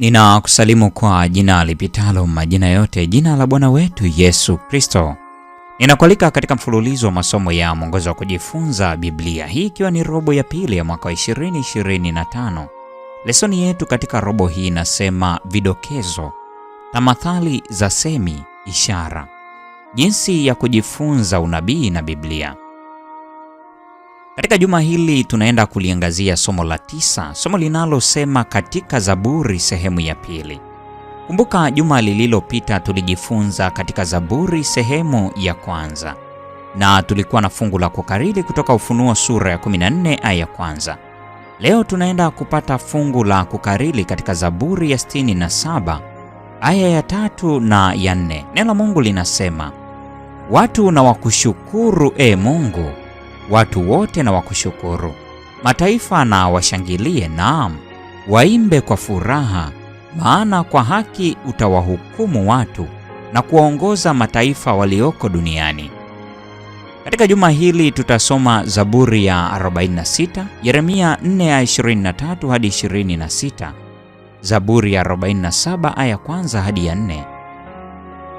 Ninakusalimu kwa jina lipitalo majina yote, jina la Bwana wetu Yesu Kristo. Ninakualika katika mfululizo wa masomo ya mwongozo wa kujifunza Biblia, hii ikiwa ni robo ya pili ya mwaka 2025. Lesoni yetu katika robo hii inasema vidokezo, tamathali za semi, ishara, jinsi ya kujifunza unabii na Biblia. Katika juma hili tunaenda kuliangazia somo la tisa, somo linalosema katika Zaburi sehemu ya pili. Kumbuka juma lililopita tulijifunza katika Zaburi sehemu ya kwanza na tulikuwa na fungu la kukariri kutoka Ufunuo sura ya 14 aya ya kwanza. Leo tunaenda kupata fungu la kukariri katika Zaburi ya 67 aya ya tatu na ya nne. Neno Mungu linasema, watu na wakushukuru e Mungu watu wote na wakushukuru. Mataifa na washangilie, naam, waimbe kwa furaha, maana kwa haki utawahukumu watu na kuwaongoza mataifa walioko duniani. Katika juma hili tutasoma Zaburi ya 46, Yeremia 4 23 hadi 26, Zaburi ya 47 aya kwanza hadi ya 4,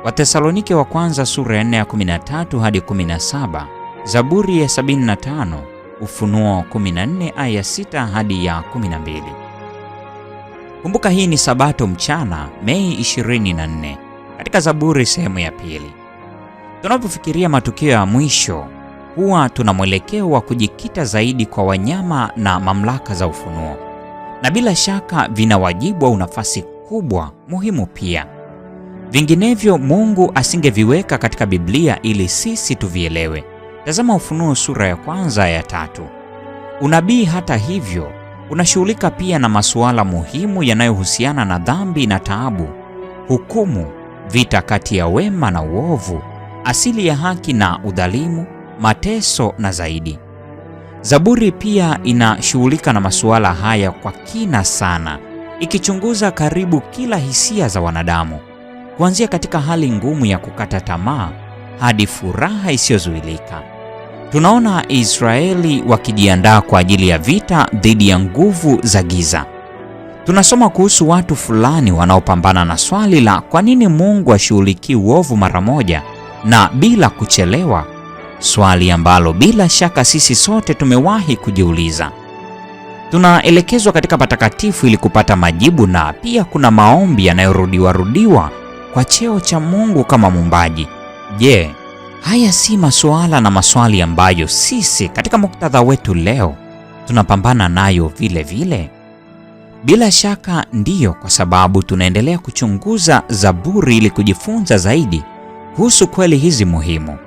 Wathesalonike wa kwanza sura ya 4 ya 13 hadi 17 Zaburi ya 75, Ufunuo 14 aya 6 hadi ya 12. Kumbuka hii ni Sabato mchana Mei 24 katika Zaburi sehemu ya pili. Tunapofikiria matukio ya mwisho huwa tuna mwelekeo wa kujikita zaidi kwa wanyama na mamlaka za ufunuo, na bila shaka vina wajibu au nafasi kubwa muhimu pia, vinginevyo Mungu asingeviweka katika Biblia ili sisi tuvielewe. Tazama Ufunuo sura ya kwanza ya tatu. Unabii hata hivyo unashughulika pia na masuala muhimu yanayohusiana na dhambi na taabu, hukumu, vita kati ya wema na uovu, asili ya haki na udhalimu, mateso na zaidi. Zaburi pia inashughulika na masuala haya kwa kina sana, ikichunguza karibu kila hisia za wanadamu, kuanzia katika hali ngumu ya kukata tamaa hadi furaha isiyozuilika. Tunaona Israeli wakijiandaa kwa ajili ya vita dhidi ya nguvu za giza. Tunasoma kuhusu watu fulani wanaopambana na swali la kwa nini Mungu ashughulikii uovu mara moja na bila kuchelewa, swali ambalo bila shaka sisi sote tumewahi kujiuliza. Tunaelekezwa katika patakatifu ili kupata majibu, na pia kuna maombi yanayorudiwarudiwa kwa cheo cha Mungu kama muumbaji Je, yeah, haya si masuala na maswali ambayo sisi katika muktadha wetu leo tunapambana nayo vile vile? Bila shaka ndiyo, kwa sababu tunaendelea kuchunguza Zaburi ili kujifunza zaidi kuhusu kweli hizi muhimu.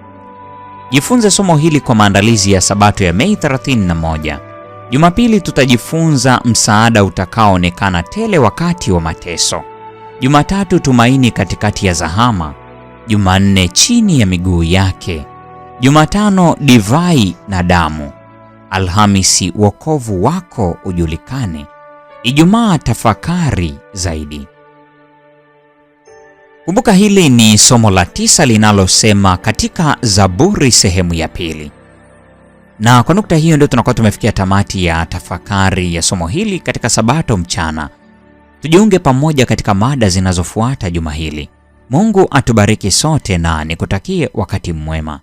Jifunze somo hili kwa maandalizi ya Sabato ya Mei 31. Jumapili tutajifunza msaada utakaoonekana tele wakati wa mateso. Jumatatu tumaini katikati ya zahama. Jumanne chini ya miguu yake, Jumatano divai na damu, Alhamisi wokovu wako ujulikane, Ijumaa tafakari zaidi. Kumbuka hili ni somo la tisa linalosema katika Zaburi sehemu ya pili. Na kwa nukta hiyo ndio tunakuwa tumefikia tamati ya tafakari ya somo hili katika Sabato mchana. Tujiunge pamoja katika mada zinazofuata juma hili. Mungu atubariki sote na nikutakie wakati mwema.